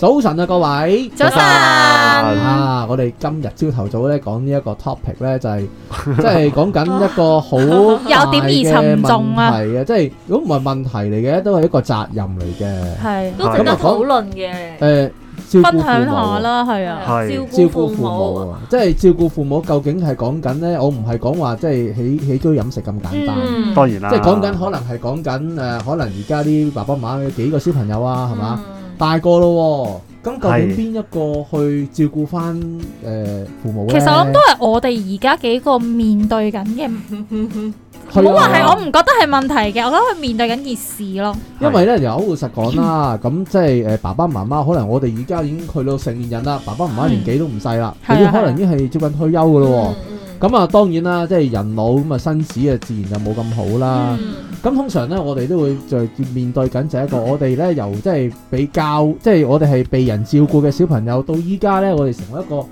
早晨啊，各位！早晨啊，我哋今日朝頭早咧講呢一個 topic 咧就係，即係講緊一個好有點兒沉重啊，係啊，即係如果唔係問題嚟嘅，都係一個責任嚟嘅，係都值得討論嘅。誒，照顧父母啦，係啊，照照顧父母，即係照顧父母究竟係講緊咧？我唔係講話即係起起居飲食咁簡單，當然啦，即係講緊可能係講緊誒，可能而家啲爸爸媽媽幾個小朋友啊，係嘛？大個咯喎，咁究竟邊一個去照顧翻誒、呃、父母咧？其實我諗都係我哋而家幾個面對緊嘅。唔好話係我唔覺得係問題嘅，我覺得佢面對緊件事咯。因為咧又好話實講啦，咁、嗯、即係誒、呃、爸爸媽媽可能我哋而家已經去到成年人啦，爸爸媽媽年紀都唔細啦，佢、嗯啊、可能已經係接近退休噶咯喎。咁啊，當然啦，即係人老咁啊，身子啊，自然就冇咁好啦。咁、嗯、通常呢，我哋都會在面對緊就一個我哋呢，由即係比較，即、就、係、係、我哋係被人照顧嘅小朋友，到依家呢，我哋成為一個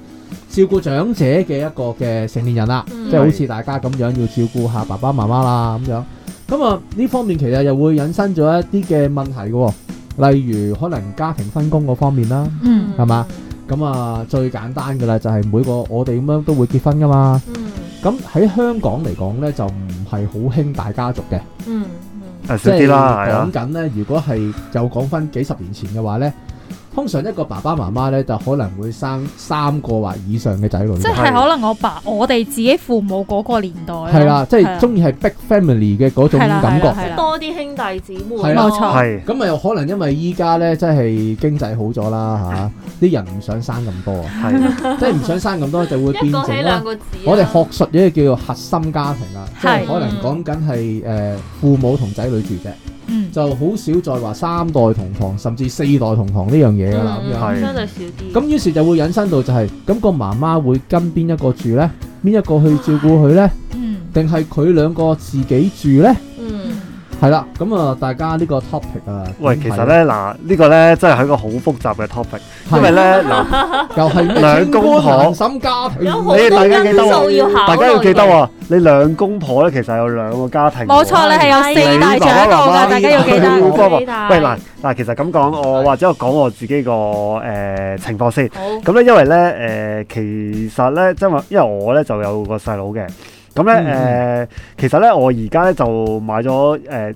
照顧長者嘅一個嘅成年人啦。即係、嗯、好似大家咁樣要照顧下爸爸媽媽啦咁樣。咁啊，呢方面其實又會引申咗一啲嘅問題嘅，哦，例如可能家庭分工嗰方面啦，係嘛、嗯？咁啊，最簡單嘅啦，就係每個我哋咁樣都會結婚㗎嘛。咁喺、嗯、香港嚟講呢，就唔係好興大家族嘅。即係講緊呢，啊、如果係又講返幾十年前嘅話呢。通常一個爸爸媽媽咧，就可能會生三個或以上嘅仔女。即係可能我爸我哋自己父母嗰個年代。係啦，即係中意係 big family 嘅嗰種感覺，多啲兄弟姊妹。冇錯，係。咁咪又可能因為依家咧，即係經濟好咗啦嚇，啲人唔想生咁多啊，即係唔想生咁多就會變成，一個我哋學術嘢叫做核心家庭啦，即係可能講緊係誒父母同仔女住啫。就好少再話三代同堂，甚至四代同堂呢樣嘢啦，咁樣，咁是於是就會引申到就係、是，咁、嗰個媽媽會跟邊一個住呢？邊一個去照顧佢呢？定係佢兩個自己住呢？係啦，咁啊，大家呢個 topic 啊，喂，其實咧嗱，呢個咧真係一個好複雜嘅 topic，因為咧嗱，又係兩公婆同身家庭，你大家記得，大家要記得喎，你兩公婆咧其實有兩個家庭，冇錯你係有四大長老㗎，大家要記得。喂，嗱嗱，其實咁講，我或者我講我自己個誒情況先，咁咧因為咧誒，其實咧，因為因為我咧就有個細佬嘅。咁咧，誒、嗯，其實咧，我而家咧就買咗誒。呃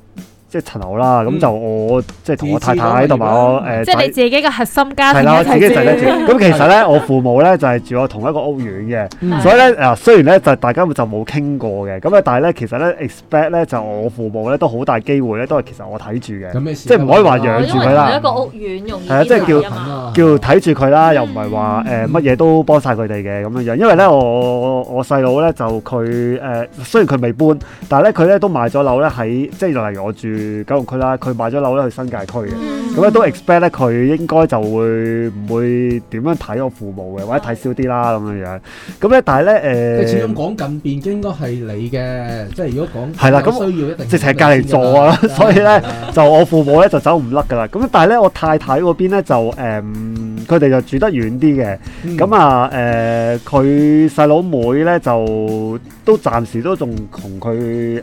即係陳豪啦，咁就我即係同我太太同埋我誒，即係你自己嘅核心家庭係啦，自己成咗主。咁其實咧，我父母咧就係住我同一個屋苑嘅，所以咧啊，雖然咧就大家就冇傾過嘅，咁啊，但係咧其實咧 expect 咧就我父母咧都好大機會咧都係其實我睇住嘅，即係唔可以話養住佢啦。因為同一個屋苑用公用啊嘛，叫睇住佢啦，又唔係話誒乜嘢都幫晒佢哋嘅咁樣樣。因為咧我我細佬咧就佢誒，雖然佢未搬，但係咧佢咧都買咗樓咧喺即係又係我住，九龍區啦，佢買咗樓咧去新界區嘅，咁咧都 expect 咧佢應該就會唔會點樣睇我父母嘅，或者睇少啲啦咁樣樣。咁咧，但係咧誒，始終講近便應該係你嘅，即係如果講係啦，咁需要一定直情係隔籬座啊，所以咧就我父母咧就走唔甩噶啦。咁咧，但係咧我太太嗰邊咧就誒，佢哋就住得遠啲嘅。咁啊，誒，佢細佬妹咧就都暫時都仲同佢誒誒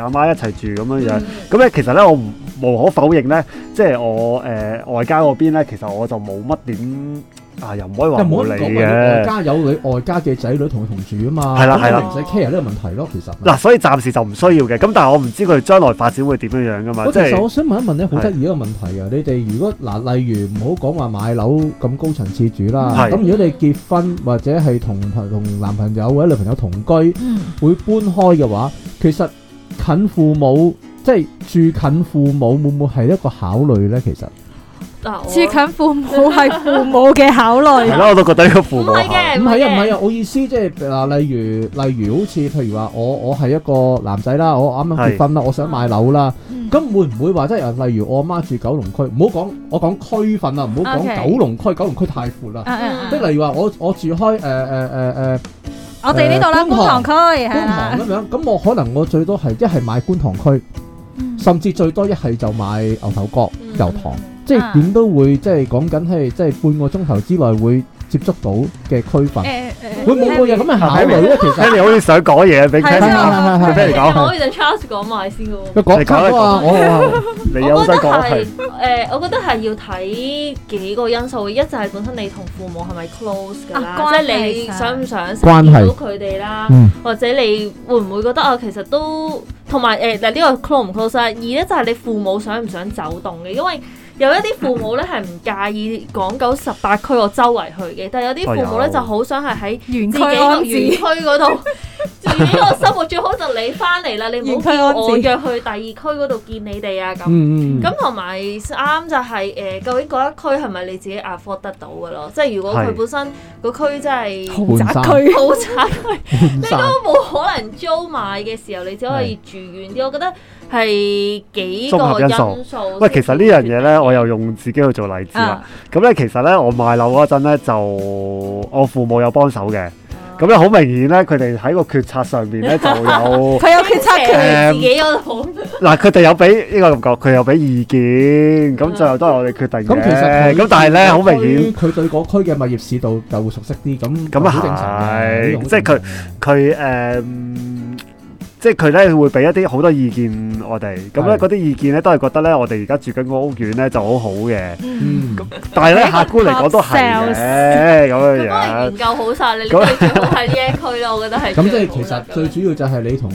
阿媽一齊住咁樣樣。咁咧。其實咧，我無可否認咧，即係我誒外家嗰邊咧，其實我就冇乜點啊，又唔可以話冇理嘅。外家有女，外家嘅仔女同佢同住啊嘛，係啦係啦，唔使 care 呢個問題咯。其實嗱，所以暫時就唔需要嘅。咁但係我唔知佢哋將來發展會點樣樣噶嘛。其實我想問一問咧，好得意一個問題啊！你哋如果嗱，例如唔好講話買樓咁高層次住啦，咁如果你結婚或者係同同男朋友或者女朋友同居，會搬開嘅話，其實近父母。即係住近父母，會唔會係一個考慮咧？其實住近父母係父母嘅考慮，係咯，我都覺得呢個父母。唔係啊，唔係啊，我意思即係嗱，例如，例如好似，譬如話我，我係一個男仔啦，我啱啱結婚啦，我想買樓啦，咁會唔會話即係，例如我阿媽住九龍區，唔好講，我講區份啊，唔好講九龍區，九龍區太闊啦，即係例如話我，我住開誒誒誒誒，我哋呢度啦，觀塘區，觀塘咁樣，咁我可能我最多係一係買觀塘區。甚至最多一係就買牛頭角、嗯、油塘，即係點都會，啊、即係講緊，係即係半個鐘頭之內會接觸到嘅區分。欸欸咁冇嘢，咁咪睇明啦。其實，你好似想講嘢俾聽啦。係啊係啊係啊，你講完就 Charles 講埋先嘅喎。你講啦，我我我覺得係誒，我覺得係要睇幾個因素嘅。一就係本身你同父母係咪 close 嘅啦，即係你想唔想見到佢哋啦，或者你會唔會覺得啊，其實都同埋誒嗱呢個 close 唔 close 啊？二咧就係你父母想唔想走動嘅，因為，有一啲父母咧係唔介意講九十八區我周圍去嘅，但係有啲父母咧就好想係喺自己個原區嗰度，自己個生活最好就你翻嚟啦，你唔好叫我約去第二區嗰度見你哋啊咁。咁同埋啱就係、是、誒、呃，究竟嗰一區係咪你自己 afford 得到嘅咯？即係如果佢本身個區真係豪宅區，豪宅區，慘山 你都冇可能租買嘅時候，你只可以住遠啲。是我覺得。係幾綜合因素？喂，其實呢樣嘢咧，我又用自己去做例子啦。咁咧，其實咧，我賣樓嗰陣咧，就我父母有幫手嘅。咁咧，好明顯咧，佢哋喺個決策上面咧就有佢有決策權，自己有。嗱，佢哋有俾呢個感覺，佢有俾意見。咁最後都係我哋決定嘅。咁其實咁，但係咧，好明顯，佢對嗰區嘅物業市道就會熟悉啲。咁咁係，即係佢佢誒。即係佢咧會俾一啲好多意見我哋，咁咧嗰啲意見咧都係覺得咧我哋而家住緊個屋苑咧就好好嘅。嗯，咁但係咧 客觀嚟講我都係嘅，咁樣樣。咁都係研究好曬， 你最主要係呢一區咯？我覺得係。咁 即係其實最主要就係你同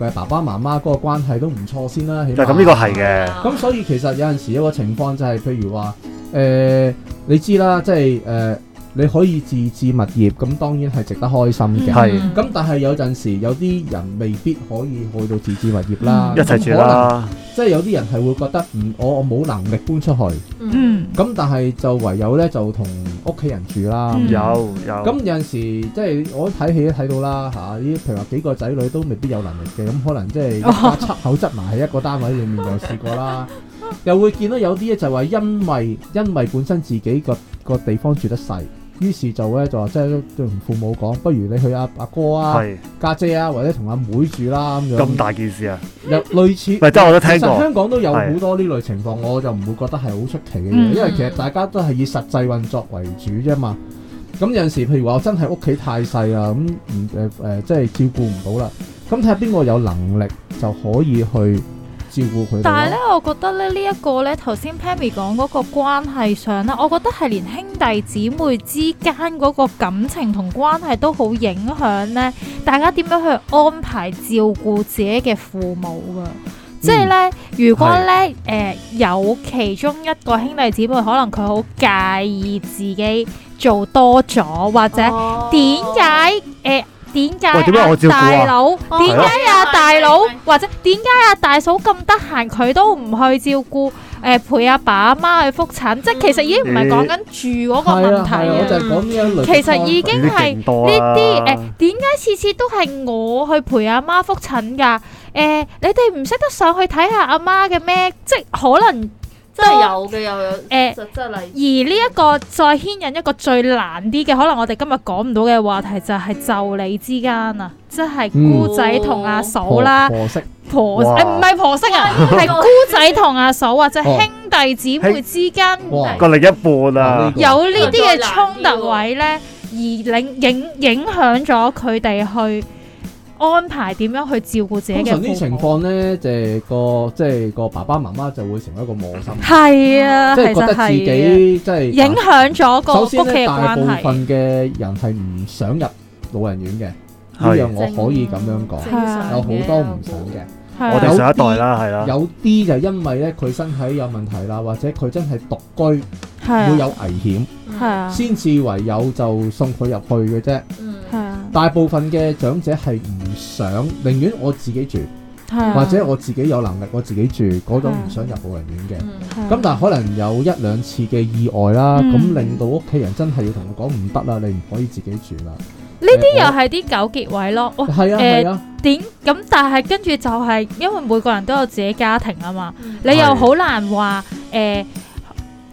佢爸爸媽媽嗰個關係都唔錯先啦。起碼咁呢個係嘅。咁 所以其實有陣時一個情況就係、是，譬如話誒、呃，你知啦，即係誒。呃你可以自置物業，咁當然係值得開心嘅。係是，咁但係有陣時有啲人未必可以去到自置物業啦。嗯、一齊住啦，即係有啲人係會覺得唔、嗯，我我冇能力搬出去。嗯，咁但係就唯有咧就同屋企人住啦、嗯嗯。有有，咁有陣時即係我睇戲都睇到啦嚇，依、啊、譬如話幾個仔女都未必有能力嘅，咁可能即係一家七口執埋喺一個單位裡面就試過啦， 又會見到有啲咧就話因為因為本身自己個個地方住得細。於是就咧就話即係都同父母講，不如你去阿阿哥啊、家是姐，姐啊，或者同阿妹住啦咁樣。咁大件事啊？又類似，唔係 我都聽過。香港都有好多呢類情況， 我就唔會覺得係好出奇嘅嘢， 因為其實大家都係以實際運作為主啫嘛。咁有陣時，譬如話我真係屋企太細啦，咁唔誒誒，即係照顧唔到啦。咁睇下邊個有能力就可以去。但、這個、係咧，我覺得咧呢一個呢，頭先 Pammy 講嗰個關係上呢，我覺得係連兄弟姊妹之間嗰個感情同關係都好影響呢，大家點樣去安排照顧自己嘅父母㗎？即係呢，嗯、如果呢誒是、呃、有其中一個兄弟姊妹，可能佢好介意自己做多咗，或者、哦、點解誒？呃點解大佬？點解啊大佬？或者點解阿大嫂咁得閒佢都唔去照顧？誒、呃，陪阿爸阿媽去覆診，即係、嗯、其實已經唔係講緊住嗰個問題、嗯嗯、其實已經係呢啲誒，點解次次都係我去陪阿媽覆診噶？誒、呃，你哋唔識得上去睇下阿媽嘅咩？即可能。即係有嘅又有，誒，即係例如，而呢一個再牽引一個最難啲嘅，可能我哋今日講唔到嘅話題就係就你之間啊，即係姑仔同阿嫂啦，嗯、婆媳，婆誒唔係婆媳啊，係姑哇仔同阿嫂哇或者兄弟姊妹之間，個另一半啊，有呢啲嘅衝突位咧，而影影影響咗佢哋去。安排點樣去照顧自己嘅情況咧？啲情況咧，即係個即係個爸爸媽媽就會成為一個陌生，係啊，即係覺得自己即係影響咗個，首先咧，大部分嘅人係唔想入老人院嘅，呢、嗯、樣我可以咁樣講。啊、有好多唔想嘅、啊，我哋上一代啦，係啦、啊，有啲就因為咧佢身體有問題啦，或者佢真係獨居、啊、會有危險，係啊，先至唯有就送佢入去嘅啫、啊，嗯，係、啊。大部分嘅長者係唔想，寧願我自己住，或者我自己有能力我自己住嗰種唔想入老人院嘅。咁但係可能有一兩次嘅意外啦，咁令到屋企人真係要同佢講唔得啦，你唔可以自己住啦。呢啲又係啲糾結位咯。係啊，係啊，點？咁但係跟住就係因為每個人都有自己家庭啊嘛，你又好難話誒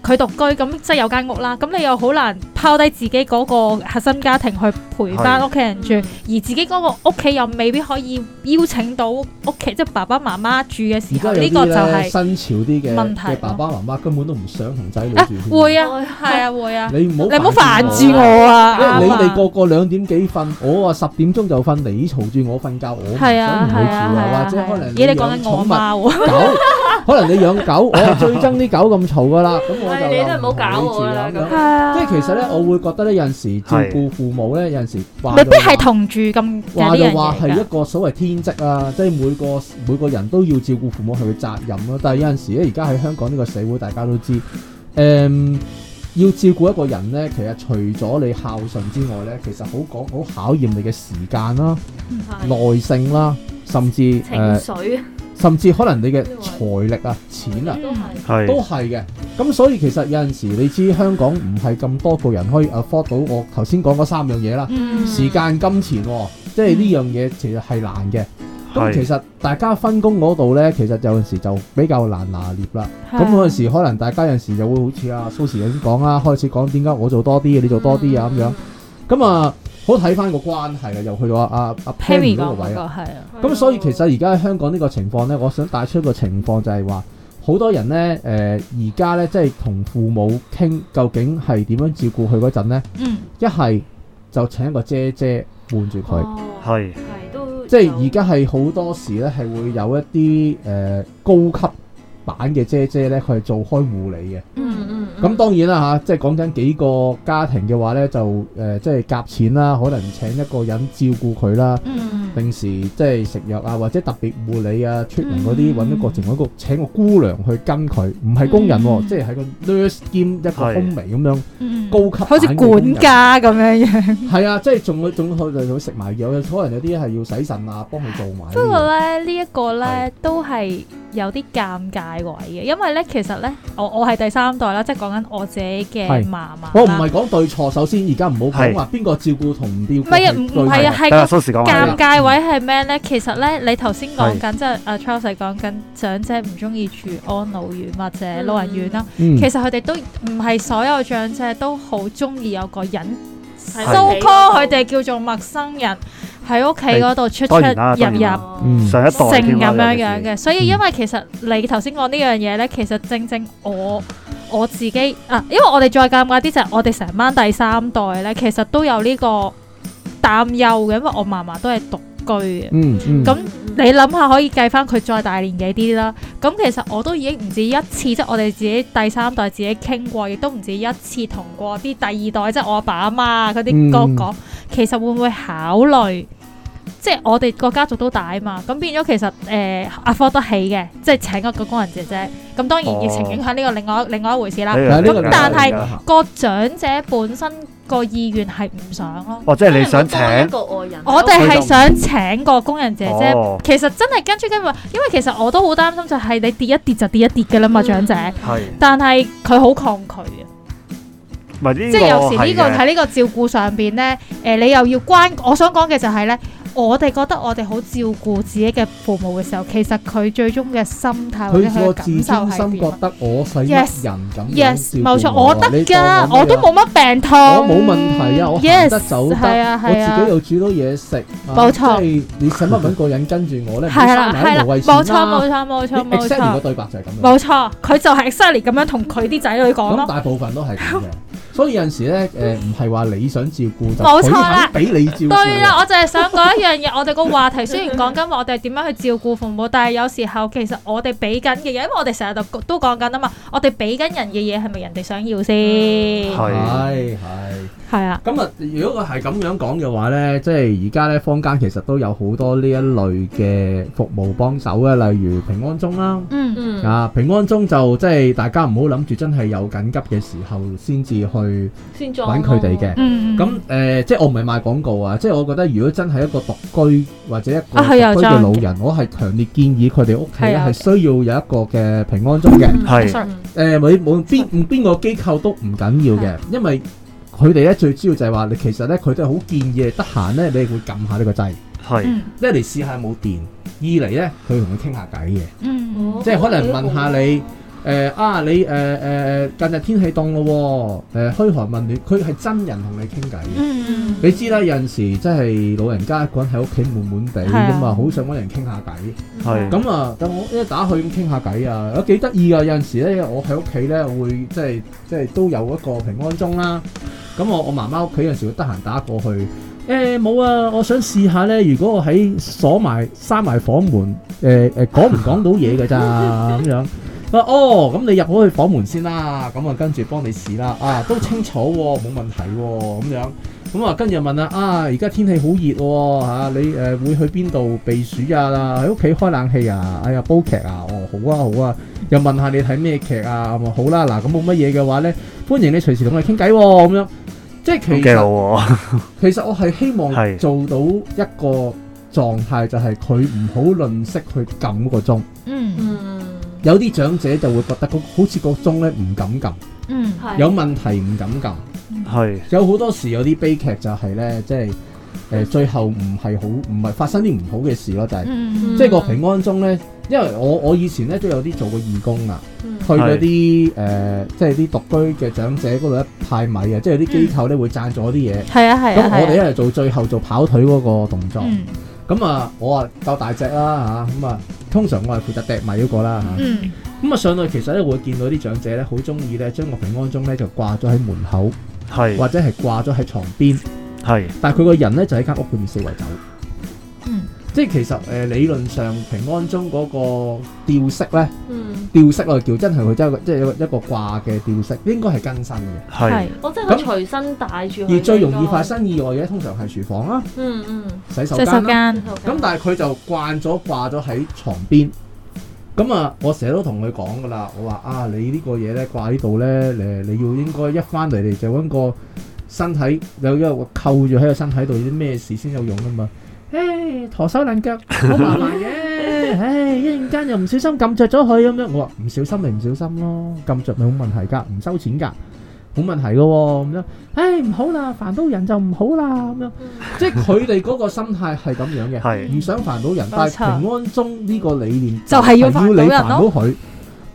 佢獨居咁即係有間屋啦，咁你又好難。靠低自己嗰個核心家庭去陪翻屋企人住，而自己嗰個屋企又未必可以邀請到屋企，即係爸爸媽媽住嘅時候，呢個就係新潮啲嘅問題。爸爸媽媽根本都唔想同仔女住。會啊，係啊，會啊。你唔好，你唔好煩住我啊！你哋個個兩點幾瞓，我話十點鐘就瞓，你嘈住我瞓覺，我唔想同佢住啊。或者可能你講緊寵物狗，可能你養狗，我最憎啲狗咁嘈噶啦。咁我就你都唔好搞我即係其實咧。我會覺得咧，有陣時照顧父母咧，有陣時未必係同住咁。話就話係一個所謂天職啊，即係每個每個人都要照顧父母佢嘅責任咯、啊。但係有陣時咧，而家喺香港呢個社會，大家都知，誒、嗯，要照顧一個人咧，其實除咗你孝順之外咧，其實好講好考驗你嘅時間啦、啊、是耐性啦、啊，甚至情緒緒。呃甚至可能你嘅財力啊、錢啊，都係嘅。咁所以其實有陣時你知香港唔係咁多個人可以 afford 到我頭先講嗰三樣嘢啦。嗯、時間、金錢、哦，即係呢樣嘢其實係難嘅。咁、嗯、其實大家分工嗰度呢，其實有陣時就比較難拿捏啦。咁嗰陣時可能大家有陣時就會好似阿、啊、蘇士咁講啊，開始講點解我做多啲，你做多啲啊咁樣。咁啊～好睇翻個關係啊，又去到阿阿 Penny 嗰個位那個、那個、啊，咁所以其實而家香港呢個情況咧，我想帶出一個情況就係話，好多人咧誒而家咧即係同父母傾究竟係點樣照顧佢嗰陣咧，一係、嗯、就請一個姐姐伴住佢，係、哦，係都，即係而家係好多時咧係會有一啲誒、呃、高級版嘅姐姐咧，佢係做開護理嘅。嗯咁當然啦嚇，即係講緊幾個家庭嘅話咧，就誒即係夾錢啦，可能請一個人照顧佢啦，平時即係食藥啊，或者特別護理啊，出門嗰啲揾一個仲有一個請個姑娘去跟佢，唔係工人喎，即係喺個 nurse 兼一個風味咁樣高級，好似管家咁樣樣。係啊，即係仲佢仲佢佢食埋藥，可能有啲係要洗腎啊，幫佢做埋。不過咧呢一個咧都係有啲尷尬位嘅，因為咧其實咧我我係第三代啦，即係講。我自己嘅嫲嫲，我唔係講對錯。首先而家唔好講話邊個照顧同唔照顧。唔係啊，係個尷尬位係咩咧？其實咧，你頭先講緊即係阿 Charles 講緊長者唔中意住安老院或者老人院啦。其實佢哋都唔係所有長者都好中意有個人 so call 佢哋叫做陌生人喺屋企嗰度出出入入，上一代咁樣樣嘅。所以因為其實你頭先講呢樣嘢咧，其實正正我。我自己啊，因為我哋再尷尬啲就係、是、我哋成班第三代咧，其實都有呢個擔憂嘅，因為我嫲嫲都係獨居嘅。咁、嗯嗯、你諗下可以計翻佢再大年紀啲啦。咁其實我都已經唔止一次，即、就、係、是、我哋自己第三代自己傾過，亦都唔止一次同過啲第二代，即、就、係、是、我阿爸阿媽嗰啲哥講，嗯、其實會唔會考慮？即係我哋個家族都大啊嘛，咁變咗其實誒，afford 得起嘅，即係請一個工人姐姐。咁當然疫情影響呢個另外另外一回事啦。但係個長者本身個意願係唔想咯。哦，即係你想請個外人，我哋係想請個工人姐姐。其實真係跟住跟住，因為其實我都好擔心就係你跌一跌就跌一跌噶啦嘛，長者。但係佢好抗拒啊。即係有時呢個喺呢個照顧上邊呢，誒，你又要關。我想講嘅就係呢。我哋覺得我哋好照顧自己嘅父母嘅時候，其實佢最終嘅心態佢嘅感受喺邊？心覺得我使乜人咁樣照顧我，冇錯，yes, yes, 我得㗎，我都冇乜病痛，我冇問題啊，我行得走得，yes, yes, yes. 我自己又煮到嘢食，冇係錯、啊就是、你使乜揾個人跟住我咧？係啦係啦，冇、 啊、錯冇錯冇錯冇錯嘅對白就係咁樣。冇錯，佢就係 exactly 咁樣同佢啲仔女講咯。 大部分都係。 所以有陣時咧，誒唔係話你想照顧 就可以俾你照顧。啊、 對啦，我就係想講一樣嘢。 我哋個話題雖然講緊我哋點樣去照顧父母， 但係有時候其實我哋俾緊嘅嘢，因為我哋成日就都講緊啊嘛，我哋俾緊人嘅嘢係咪人哋想要先？係係、嗯。是係啊，咁啊，如果我係咁樣講嘅話咧，即係而家咧，坊間其實都有好多呢一類嘅服務幫手嘅，例如平安鐘啦，嗯嗯，啊平安鐘就即係大家唔好諗住真係有緊急嘅時候先至去搵佢哋嘅，嗯嗯，咁誒，即係我唔係賣廣告啊，即係我覺得如果真係一個獨居或者一個獨居嘅老人，我係強烈建議佢哋屋企咧係需要有一個嘅平安鐘嘅，係，誒，冇冇邊邊個機構都唔緊要嘅，因為。佢哋咧最主要就係話，你其實咧佢都係好建議你得閒咧，你會撳下呢個掣，係一嚟試下有冇電，二嚟咧佢同你傾下偈嘅，聊聊嗯，即係可能問下你，誒、哦呃、啊你誒誒、呃呃、近日天氣凍咯，誒、呃、虛寒問暖，佢係真人同你傾偈嘅，嗯、你知啦，有陣時即係老人家一個人喺屋企悶悶地咁啊，好、嗯、想揾人傾下偈，係咁啊，咁、嗯、我一打去咁傾下偈啊，幾得意噶，有陣時咧我喺屋企咧會即係即係都有一個平安鐘啦。咁我我媽媽屋企有陣時會得閒打過去。誒，冇啊，我想試下咧。如果我喺鎖埋閂埋房門，誒、呃、誒、呃，講唔講到嘢噶？啊，咋咁樣？哦，咁你入咗去房門先啦。咁啊，跟住幫你試啦。啊，都清楚喎、啊，冇問題喎、啊，咁樣。咁啊，跟住問啊，啊，而家天氣好熱吓，你、呃、誒會去邊度避暑啊？喺屋企開冷氣啊？哎呀，煲劇啊，哦，好啊，好啊。好啊，又問下你睇咩劇啊？好啦、啊，嗱，咁冇乜嘢嘅話咧，歡迎你隨時同我傾偈咁樣。即係其實，我係希望做到一個狀態，是就係佢唔好吝嗇去撳個鐘。嗯嗯，有啲長者就會覺得好似個鐘咧，唔敢撳。嗯，有問題唔敢撳。係是有好多時有啲悲劇就係、是、呢。即、就、係、是。就是誒，最後唔係好，唔係發生啲唔好嘅事咯，就係，即係個平安鐘咧。因為我我以前咧都有啲做過義工啊，去嗰啲誒，即係啲獨居嘅長者嗰度咧派米啊，即係有啲機構咧會贊助啲嘢，係啊係。咁我哋一係做最後做跑腿嗰個動作，咁啊，我啊夠大隻啦吓，咁啊，通常我係負責掟米嗰個啦吓。咁啊上去其實咧會見到啲長者咧好中意咧將個平安鐘咧就掛咗喺門口，係或者係掛咗喺床邊。係，但係佢個人咧就喺間屋裏面四圍走，嗯，即係其實誒理論上平安鐘嗰個吊飾咧，嗯，吊飾我叫真係佢即係即係一個一個掛嘅吊飾，應該係更新嘅，係，我即係佢隨身帶住，而最容易發生意外嘅通常係廚房啦，嗯嗯，洗手間，咁但係佢就慣咗掛咗喺床邊，咁啊我成日都同佢講噶啦，我話啊你呢個嘢咧掛喺度咧，誒你要應該一翻嚟你就揾個。身體有因為我扣住喺個身體度，啲咩事先有用噶嘛？唉，陀手爛腳好麻麻嘅，唉一陣間又唔小心撳著咗佢咁樣，我話唔小心咪唔小心咯，撳著咪冇問題㗎，唔收錢㗎，冇問題嘅喎咁樣，唉唔好啦，煩到人就唔好啦咁樣，即係佢哋嗰個心態係咁樣嘅，係唔想煩到人，但係平安鐘呢個理念就係要你煩到佢咯。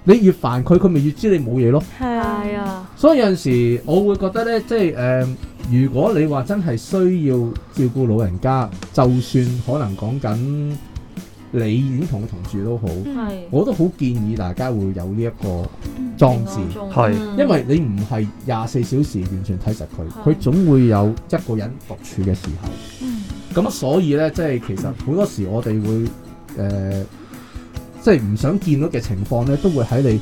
你越煩佢，佢咪越知你冇嘢咯。係啊，所以有陣時我會覺得呢，即係、呃、如果你話真係需要照顧老人家，就算可能講緊你點同同住都好，是我都好建議大家會有呢一個裝置，係、嗯，是因為你唔係廿四小時完全睇實佢，佢是總會有一個人獨處嘅時候。嗯，咁所以呢，即係其實好多時我哋會誒。呃即係唔想見到嘅情況咧，都會喺你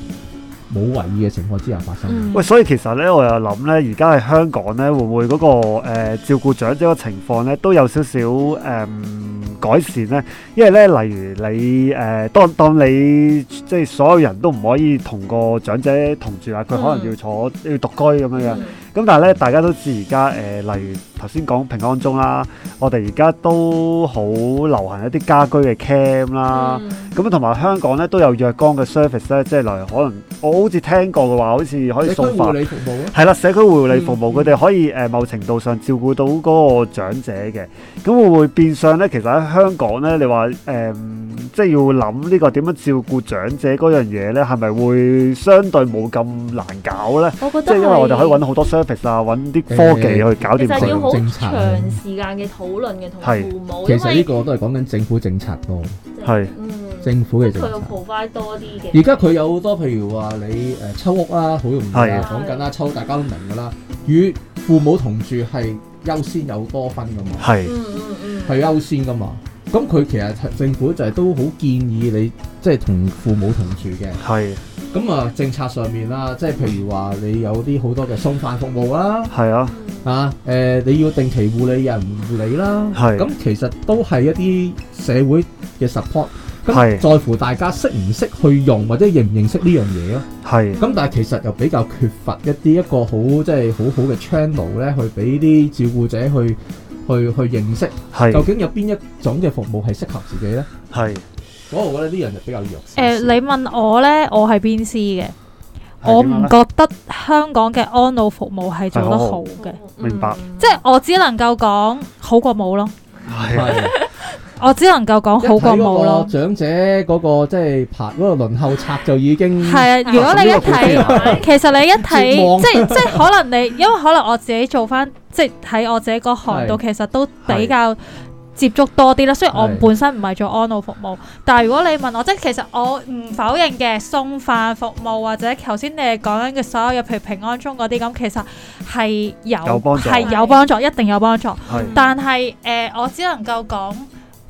冇為意嘅情況之下發生。喂、嗯，所以其實咧，我又諗咧，而家喺香港咧，會唔會嗰、那個、呃、照顧長者嘅情況咧，都有少少誒、嗯、改善咧？因為咧，例如你誒、呃，當當你即係所有人都唔可以同個長者同住啊，佢可能要坐要獨居咁樣嘅。嗯嗯咁但係咧，大家都知而家誒，例如頭先講平安鐘啦，我哋而家都好流行一啲家居嘅 cam 啦，咁同埋香港咧都有若干嘅 service 咧，即係例如可能我好似聽過嘅話，好似可以送飯，社區護理服務、啊，係啦，社區護理服務佢哋、嗯、可以誒、呃、某程度上照顧到個長者嘅。咁會唔會變相咧？其實喺香港咧，你話誒、呃、即係要諗呢、這個點樣照顧長者樣嘢咧，係咪會相對冇咁難搞咧？即係因為我哋可以揾好多相。揾啲科技去搞掂政府政策，其實要好長時間嘅討論嘅，同父母。是為其實呢個都係講緊政府政策咯，係是，嗯，政府嘅政策。佢要 provide 多啲嘅。而家佢有好多，譬如話你誒抽屋啦、啊，好容易講緊啦，抽是大家都明噶啦。與父母同住係優先有多分噶嘛，係是、嗯，嗯嗯嗯，係優先噶嘛。咁佢其實政府就係都好建議你，即係同父母同住嘅，係。咁啊，政策上面啦，即係譬如話，你有啲好多嘅送飯服務啦，係啊，啊，誒，你要定期護理，有人護理啦，係是，咁其實都係一啲社會嘅 support，咁是在乎大家識唔識去用，或者認唔認識呢樣嘢咯，係是，咁但係其實又比較缺乏一啲一個、就是、好即係好好嘅 channel 咧，去俾啲照顧者去去去認識，係是，究竟有邊一種嘅服務係適合自己咧，係。我覺得啲人就比較弱。誒，你問我咧，我係邊絲嘅？我唔覺得香港嘅安老服務係做得好嘅。明白。即係我只能夠講好過冇咯。係。我只能夠講好過冇咯。長者嗰個即係排嗰個輪候冊就已經係啊！如果你一睇，其實你一睇，即即可能你因為可能我自己做翻即係喺我自己個行度，其實都比較。接觸多啲啦，雖然我本身唔係做安老服務，是但係如果你問我，即係其實我唔否認嘅送飯服務或者頭先你哋講緊嘅所有嘅，譬如平安鐘嗰啲咁，其實係有係有，是有幫助，一定有幫助。是但係誒、呃，我只能夠講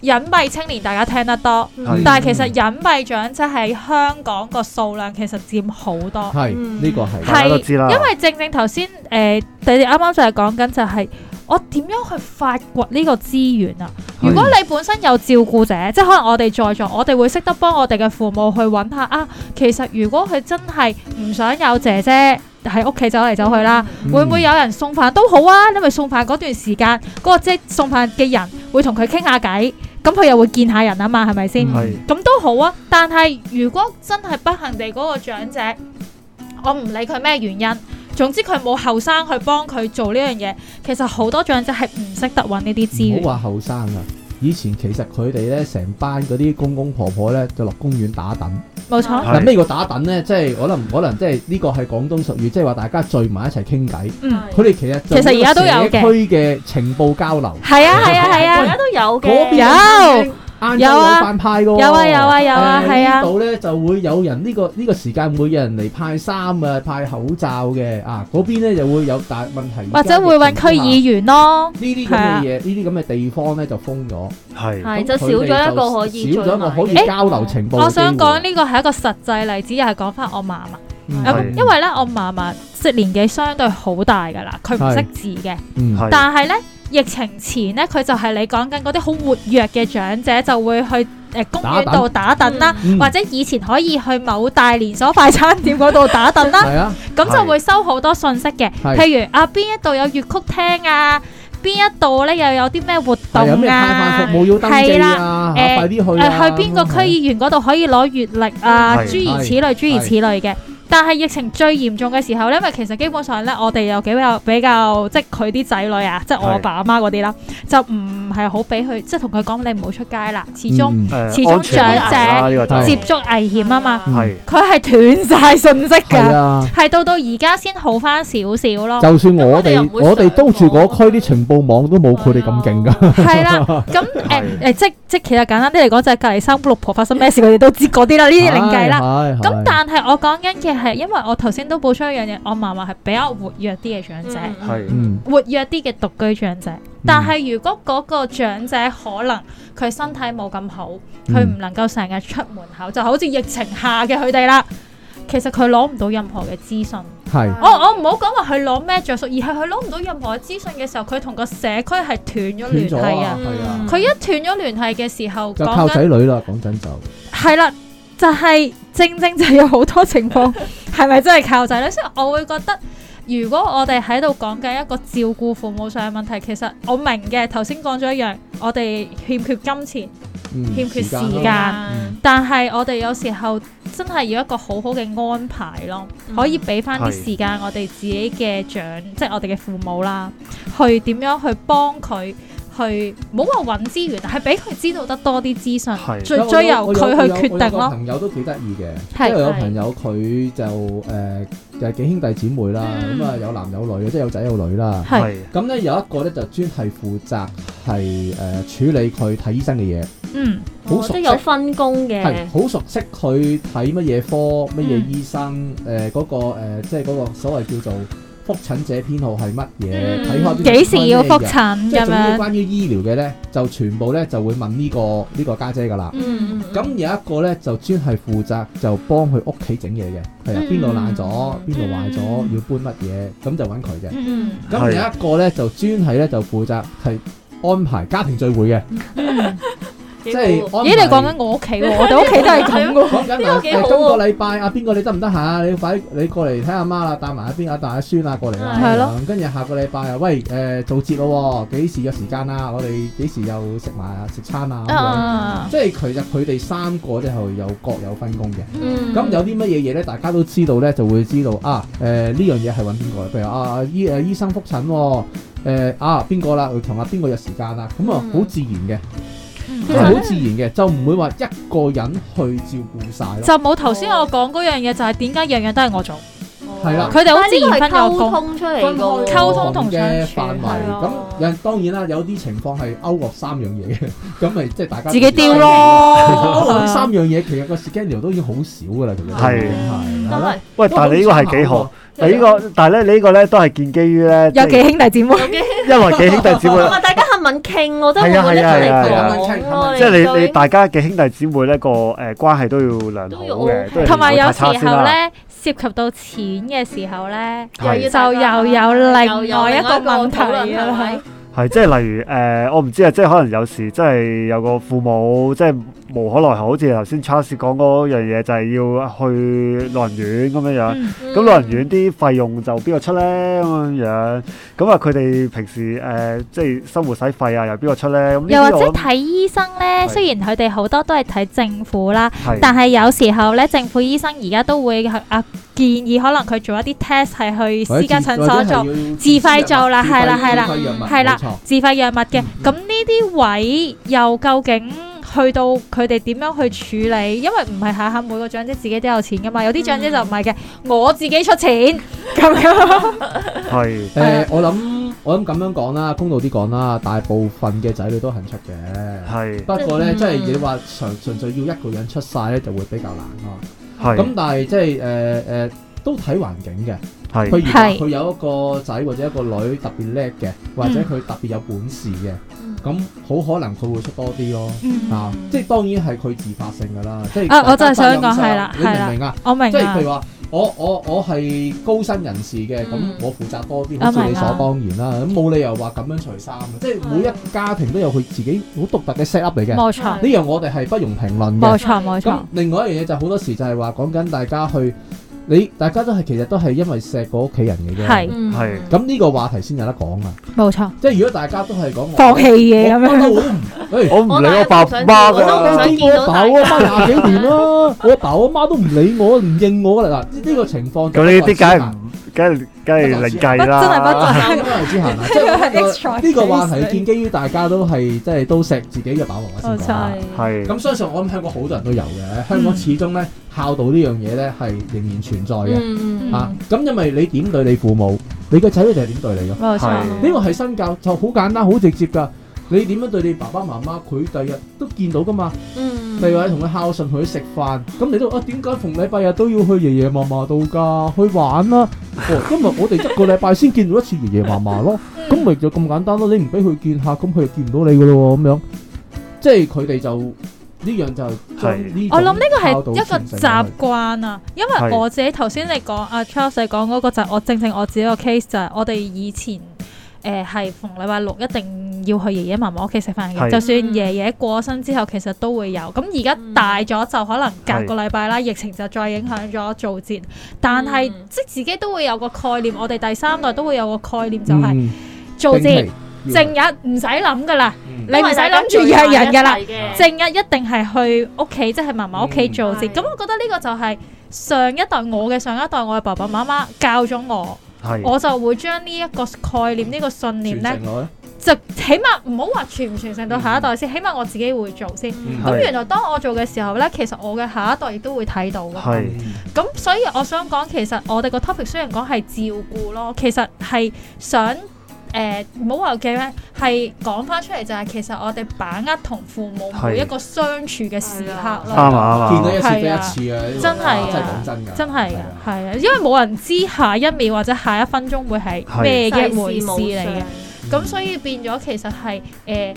隱蔽青年大家聽得多，嗯、是但係其實隱蔽長者喺香港個數量其實佔好多。係呢個係我都知啦，因為正正頭先誒，你啱啱就係講緊就係。我點樣去發掘呢個資源啊？如果你本身有照顧者，是即係可能我哋在座，我哋會識得幫我哋嘅父母去揾下啊。其實如果佢真係唔想有姐姐喺屋企走嚟走去啦，嗯、會唔會有人送飯都好啊？因為送飯嗰段時間，嗰、嗰個即送飯嘅人會同佢傾下偈，咁佢又會見下人啊嘛，係咪先？咁是都好啊。但係如果真係不幸地嗰個長者，我唔理佢咩原因。總之佢冇後生去幫佢做呢樣嘢，其實好多長者係唔識得揾呢啲資料。唔好話後生啊，以前其實佢哋咧成班嗰啲公公婆婆咧就落公園打等，冇錯。嗱是，咩叫打等咧？即係可能可能即係呢個係廣東俗語，即係話大家聚埋一齊傾偈。嗯的，佢哋其實其實而家都有嘅社區嘅情報交流。係啊係啊係啊，而家、啊啊啊啊、喂都有嘅。邊有，有。有啊，有啊，有啊，有、呃、啊，誒啊。到咧就會有人呢、這個呢、這個時間會有人嚟派衫啊、派口罩嘅啊，嗰邊咧就會有大問題。或者會揾區議員咯。呢啲嘅嘢，呢啲咁嘅地方咧就封咗，係係、啊、就少咗一個可以做，欸、可以交流情報。我想講呢個係一個實際例子，又係講翻我嫲嫲，啊、因為咧我嫲嫲即年紀相對好大㗎啦，佢唔識字嘅，但係咧。疫情前呢，佢就係你講緊嗰啲好活躍嘅長者，就會去誒、呃、公園度打躉啦，等嗯、或者以前可以去某大連鎖快餐店嗰度打躉啦。咁就會收好多信息嘅，譬如啊邊一度有粵曲聽啊，邊一度咧又有啲咩活動啊，有咩派飯食冇要登記啊，快啲去啊！誒去邊個區議員嗰度可以攞月曆啊，諸如此類，諸如此類嘅。但係疫情最嚴重嘅時候咧，因為其實基本上咧，我哋又比較比較即係佢啲仔女啊，即係我阿爸阿媽嗰啲啦，就唔係好俾佢，即係同佢講你唔好出街啦。始終始終長者接觸危險啊嘛，佢係斷晒信息㗎，係到到而家先好返少少咯。就算我哋我哋都住嗰區啲情報網都冇佢哋咁勁㗎。係啦，咁誒誒，即即其實簡單啲嚟講，就係隔籬三姑六婆發生咩事，佢哋都知嗰啲啦，呢啲另計啦。咁但係我講緊嘅。係，因為我頭先都補充一樣嘢，我嫲嫲係比較活躍啲嘅長者，係、嗯，活躍啲嘅獨居長者。嗯、但係如果嗰個長者可能佢身體冇咁好，佢唔、嗯、能夠成日出門口，就好似疫情下嘅佢哋啦。其實佢攞唔到任何嘅資訊，係是。我我唔好講話佢攞咩著數，而係佢攞唔到任何嘅資訊嘅時候，佢同個社區係斷咗聯繫啊，係啊。佢一斷咗聯繫嘅時候，就靠仔女啦，講真就係啦。就係、是、正正就有好多情況，係咪 真係靠仔呢？所以，我會覺得如果我哋喺度講緊一個照顧父母上嘅問題，其實我明嘅。頭先講咗一樣，我哋欠缺金錢，嗯、欠缺時間，時間，但係我哋有時候真係要一個好好嘅安排咯，嗯、可以俾翻啲時間我哋自己嘅長，嗯、即係我哋嘅父母啦，去點樣去幫佢。去冇話揾資源，但係俾佢知道得多啲資訊，追追的最由佢去決定咯。我我朋友都幾得意嘅，因為的有朋友佢就誒又係幾兄弟姊妹啦，咁啊、嗯、有男有女，即、就、係、是、有仔有女啦。咁咧的有一個咧就專係負責係誒、呃、處理佢睇醫生嘅嘢，嗯，好、哦、即係有分工嘅，係好熟悉佢睇乜嘢科乜嘢醫生，誒嗰、那個誒即係嗰個所謂叫做。覆診者編號係乜嘢？睇、嗯、開幾時要覆診，即係總之關於醫療嘅呢，就全部呢就會問呢、呢個呢、呢個家姐噶啦。咁、嗯、有一個呢，就專係負責就幫佢屋企整嘢嘅，係啊邊度爛咗，邊度、嗯、壞咗，嗯、要搬乜嘢，咁就揾佢嘅。咁、嗯、有一個呢，就專係呢就負責係安排家庭聚會嘅。嗯 即係，咦好、嗯？你講緊我屋企喎？ 我哋屋企都係咁嘅。講緊啊，今個禮拜啊，邊個你得唔得閒啊？你快你過嚟睇阿媽啦，帶埋阿邊阿大阿孫啊過嚟啦。係咯的。跟住下個禮拜啊，喂誒、呃，做節咯，幾時有時間啊？我哋幾時又食埋食餐啊？即係其實佢哋三個都係有各有分工嘅。咁、嗯、有啲乜嘢嘢咧？大家都知道咧，就會知道啊。誒、呃、呢樣嘢係揾邊個？譬如啊，醫誒醫生覆診。誒啊，邊個啦？同阿邊個有時間啊？咁啊，好自然嘅。嗯好自然嘅，就唔會話一個人去照顧晒咯。就冇頭先我講嗰樣嘢，就係點解樣樣都係我做。係啦，佢哋好自然分溝通出嚟，溝通同嘅範圍。咁，有當然啦，有啲情況係勾落三樣嘢嘅，咁咪即係大家自己丟咯。三樣嘢其實個 schedule 都已經好少噶啦，係係係啦。喂，但係你呢個係幾好？你呢個，但係咧，你呢個咧都係建基於咧有幾兄弟姊妹，因為幾兄弟姊妹大家。問傾，我都 會，會你你 即係你 你大家嘅兄弟姊妹呢個誒關係都要良好嘅。同埋有，有時候呢涉及到錢嘅時候呢，就又有又，又有另外一個問題，個問題。係，即係例如誒、呃，我唔知啊，即係可能有時，即係有個父母，即係無可奈何，好似頭先 Charles 講嗰樣嘢，就係、係、要去老人院咁樣樣。咁、嗯嗯、老人院啲費用就邊個出咧？咁樣樣，咁啊佢哋平時誒、呃，即係生活使費啊，又邊個出咧？咁又或者睇醫生咧，係雖然佢哋好多都係睇政府啦，係但係有時候咧，政府醫生而家都會壓，啊建議可能佢做一啲 test 係去私家診所做自費做啦，係啦，係啦，係啦，自費藥物嘅。咁呢啲位又究竟去到佢哋點樣去處理？因為唔係下下每個長者自己都有錢㗎嘛，有啲長者就唔係嘅，我自己出錢咁樣。係誒，我諗我諗咁樣講啦，公道啲講啦，大部分嘅仔女都肯出嘅。係，不過咧，即係你話純純粹要一個人出晒咧，就會比較難咯。咁但係即係誒誒。呃呃都睇環境嘅，譬如佢有一個仔或者一個女特別叻嘅，或者佢特別有本事嘅，咁好可能佢會出多啲咯。啊，即係當然係佢自發性㗎啦，即係我真係想講係啦，你明唔明呀？我明。即係譬如話，我我我係高薪人士嘅，咁我負責多啲，好似理所當然啦，咁冇理由話咁樣除衫啊！即係每一家庭都有佢自己好獨特嘅 set up 嚟嘅。冇錯，呢樣我哋係不容評論嘅。冇錯冇錯。咁另外一樣嘢就好多時就係話講緊大家去。你大家都係其實都係因為錫過屋企人嘅啫，係是，咁呢是個話題先有得講啊！冇錯，即係如果大家都係講放棄嘢咁樣，我唔， 我唔理我爸媽我都講見到大廿幾年啦，我阿 爸我媽都唔理我，唔認我啦，嗱、這、呢個情況咁 你點解？梗係梗係另計啦，真係不對。之後呢個話題，建基於大家都係即係都錫自己嘅爸爸媽媽啊，先得啦。咁相信我諗香港好多人都有嘅，香港始終咧孝道呢樣嘢咧係仍然存在嘅。啊，咁因為你點對你父母，你嘅仔女就係點對你噶。呢個係新教，就好簡單好直接噶。你點樣對你爸爸媽媽？佢第日都見到噶嘛？嗯，第日同佢孝順，同佢食飯。咁你都啊？點解逢禮拜日都要去爺爺嫲嫲度噶？去玩啦！哦，今日我哋一個禮拜先見到一次爺爺嫲嫲咯。咁咪就咁簡單咯。你唔俾佢見下，咁佢就見唔到你噶咯咁樣。即係佢哋就呢樣就係我諗呢個係一個習慣啊。因為我自己頭先你講啊，Charles 講嗰個就係我正正我自己個 case 就係我哋以前誒係逢禮拜六一定。要去爺爺嫲嫲屋企食飯嘅，就算爺爺過身之後，其實都會有。咁而家大咗就可能隔個禮拜啦，疫情就再影響咗做節，但係即自己都會有個概念，我哋第三代都會有個概念，就係做節正日唔使諗㗎喇，你唔使諗住約人㗎喇，正日一定係去屋企，即係嫲嫲屋企做節。咁我覺得呢個就係上一代我嘅上一代，我嘅爸爸媽媽教咗我，我就會將呢一個概念、呢個信念呢。就起碼唔好話傳唔傳承到下一代先，起碼我自己會做先。咁原來當我做嘅時候呢，其實我嘅下一代亦都會睇到嘅。咁所以我想講，其實我哋個 topic 雖然講係照顧咯，其實係想誒，唔好話嘅咧，係講翻出嚟就係其實我哋把握同父母每一個相處嘅時刻咯。係啊，見到一次得一次啊，真係真係講真係啊，係啊，因為冇人知下一秒或者下一分鐘會係咩嘅回事嚟嘅。咁所以變咗其實係誒、呃、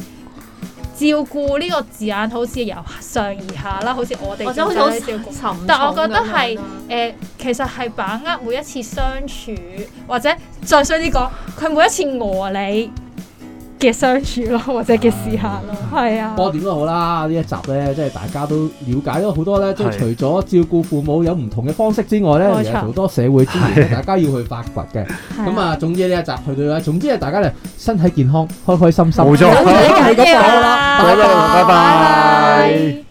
照顧呢個字眼，好似由上而下啦，好似我哋或者好似照顧，但係我覺得係誒、啊呃，其實係把握每一次相處，或者再衰啲講，佢每一次餓你嘅相處咯，或者嘅時刻咯，係啊。不過點都好啦，呢一集咧，即係大家都了解咗好多咧，即係除咗照顧父母有唔同嘅方式之外咧，其實好多社會資源大家要去發掘嘅。咁啊，總之呢一集去到對，總之啊，大家咧身體健康，開開心心。冇錯，係咁啦。拜拜。